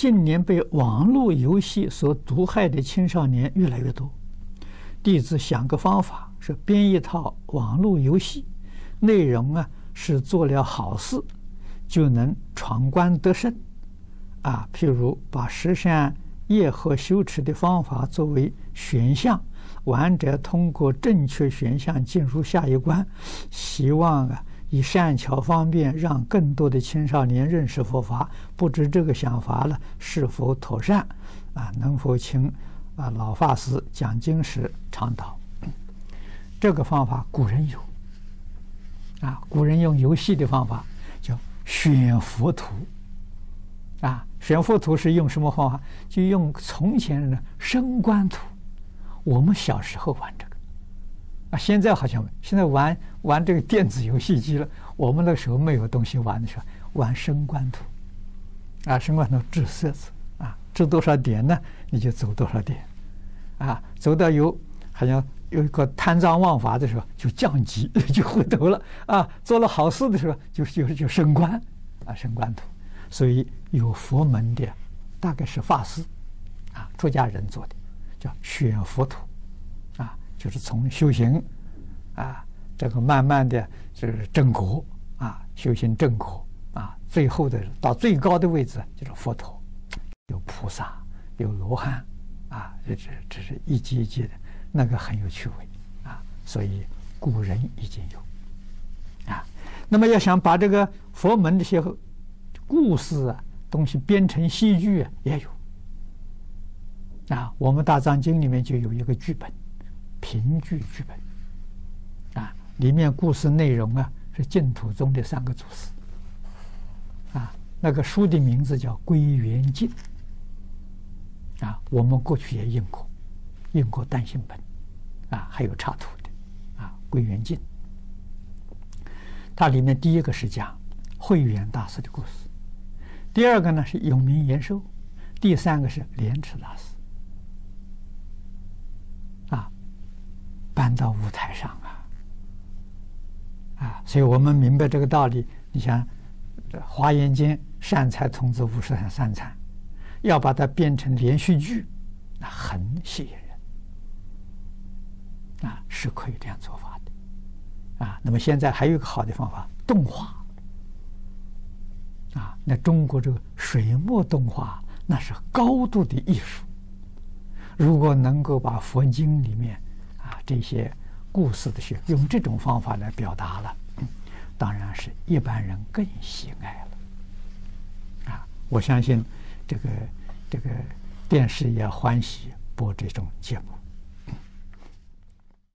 近年被網絡遊戲所毒害的青少年越來越多。弟子想個方法，是編一套網絡遊戲，內容啊是做了好事就能闖關得勝，啊，譬如把十善業和修持的方法作為選項，玩者通過正確選項進入下一關，希望啊。以善巧方便，讓更多的青少年認識佛法。不知這個想法呢，是否妥善？啊，能否請啊老法師講經時倡導這個方法？古人有啊，古人用遊戲的方法叫選佛圖。啊，選佛圖是用什麼方法？就用從前的升官圖。我們小時候玩的。啊，現在好像現在玩玩這個電子遊戲機了。我們那時候沒有東西玩的時候，玩升官圖，啊，升官圖擲色子，啊，擲多少點呢？你就走多少點，啊，走到有好像有一個貪贓枉法的時候就降級，就回頭了。啊，做了好事的時候就就就就升官，啊，升官圖。所以有佛門的，大概是法師，啊，出家人做的，叫選佛圖。就是從修行啊，這個慢慢的就是正果啊，修行正果啊，最後的到最高的位置就是佛陀，有菩薩，有羅漢啊，這這這是一級一級的，那個很有趣味啊，所以古人已經有啊，那麼要想把這個佛門這些故事啊，東西編成戲劇啊，也有啊，我們《大藏經》裡面就有一個劇本。評劇劇本啊，裡面故事內容啊是淨土宗的三個祖師啊。那個書的名字叫《歸元鏡》啊，我們過去也用過，用過單行本啊，還有插圖的啊，《歸元鏡》。它裡面第一個是講慧遠大師的故事，第二個呢是永明延壽，第三個是蓮池大師。到舞台上啊，啊，所以我們明白這個道理。你想，《華嚴經》善財童子五十三參，要把它變成連續劇，那很吸引人，啊，是可以這樣做法的，啊。那麼現在還有一個好的方法，動畫，啊，那中國這個水墨動畫那是高度的藝術，如果能夠把佛經裡面。這些故事的學，用這種方法來表達了，嗯，當然是一般人更喜愛了。啊，我相信這個這個電視也歡喜播這種節目。